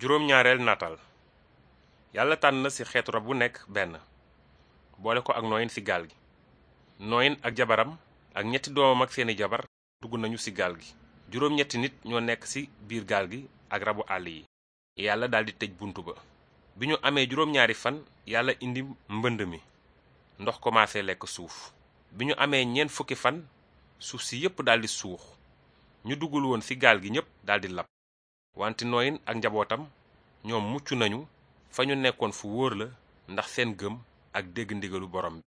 juróom-ñaareel natal yàlla tànn na ci xeetu rab bu nekk benn boole ko ak nooyin ci gaal gi nooyin ak jabaram ak ñetti doomam ak seeni jabar dugg nañu ci gaal gi juróom-ñetti nit ñoo nekk ci biir gaal gi ak rabu àll yi yàlla daldi tëj bunt ba bi ñu amee juróom-ñaari fan yàlla indi mbënd mi ndox commencé lekk suuf bi ñu amee ñeent fukki fan suuf si yépp daldi suux ñu duggul woon ci gaal gi ñépp daldi lab wante nooyin ak njabootam ñoom mucc nañu fa ñu nekkoon fu wóor la ndax seen gëm ak dégg ndigalu borom bi